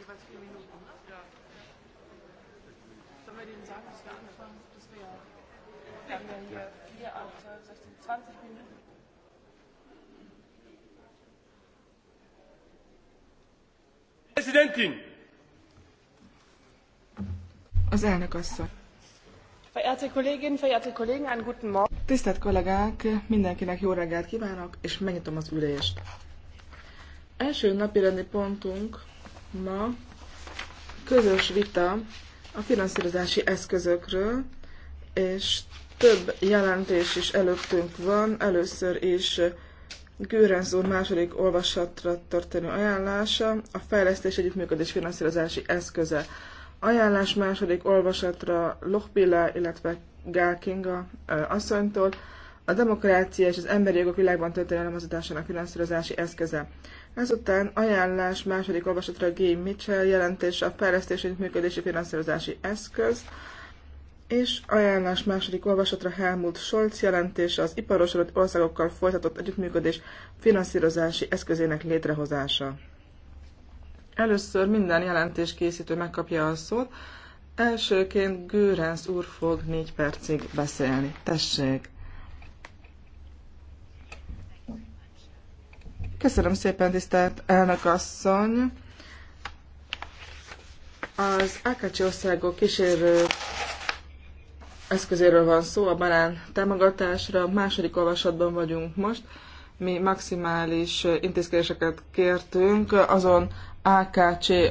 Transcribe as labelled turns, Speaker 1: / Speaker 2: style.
Speaker 1: jeweils vier Minuten. Ja. Sollen wir denen sagen, dass wir anfangen? Dass wir, wir haben ja hier vier, 16, 20 Minuten. Präsidentin! Az elnök asszony. Verehrte Kolleginnen, verehrte Kollegen, einen guten Morgen. Tisztelt kollégák, mindenkinek jó reggelt kívánok, és megnyitom az ülést. Első napi rendi pontunk ma közös vita a finanszírozási eszközökről, és több jelentés is előttünk van. Először is Gőrenz úr második olvasatra történő ajánlása, a fejlesztés együttműködés finanszírozási eszköze. Ajánlás második olvasatra Lochbilla, illetve Gál Kinga asszonytól, a demokrácia és az emberi jogok világban történő elmozdításának finanszírozási eszköze. Ezután ajánlás második olvasatra G. Mitchell jelentése a fejlesztési működési finanszírozási eszköz, és ajánlás második olvasatra Helmut Scholz jelentése az iparosodott országokkal folytatott együttműködés finanszírozási eszközének létrehozása. Először minden jelentés készítő megkapja a szót. Elsőként Gőrenc úr fog négy percig beszélni. Tessék! Köszönöm szépen, tisztelt elnök asszony! Az Ákácsi országok kísérő eszközéről van szó, a banán támogatásra. Második olvasatban vagyunk most. Mi maximális intézkedéseket kértünk azon AKC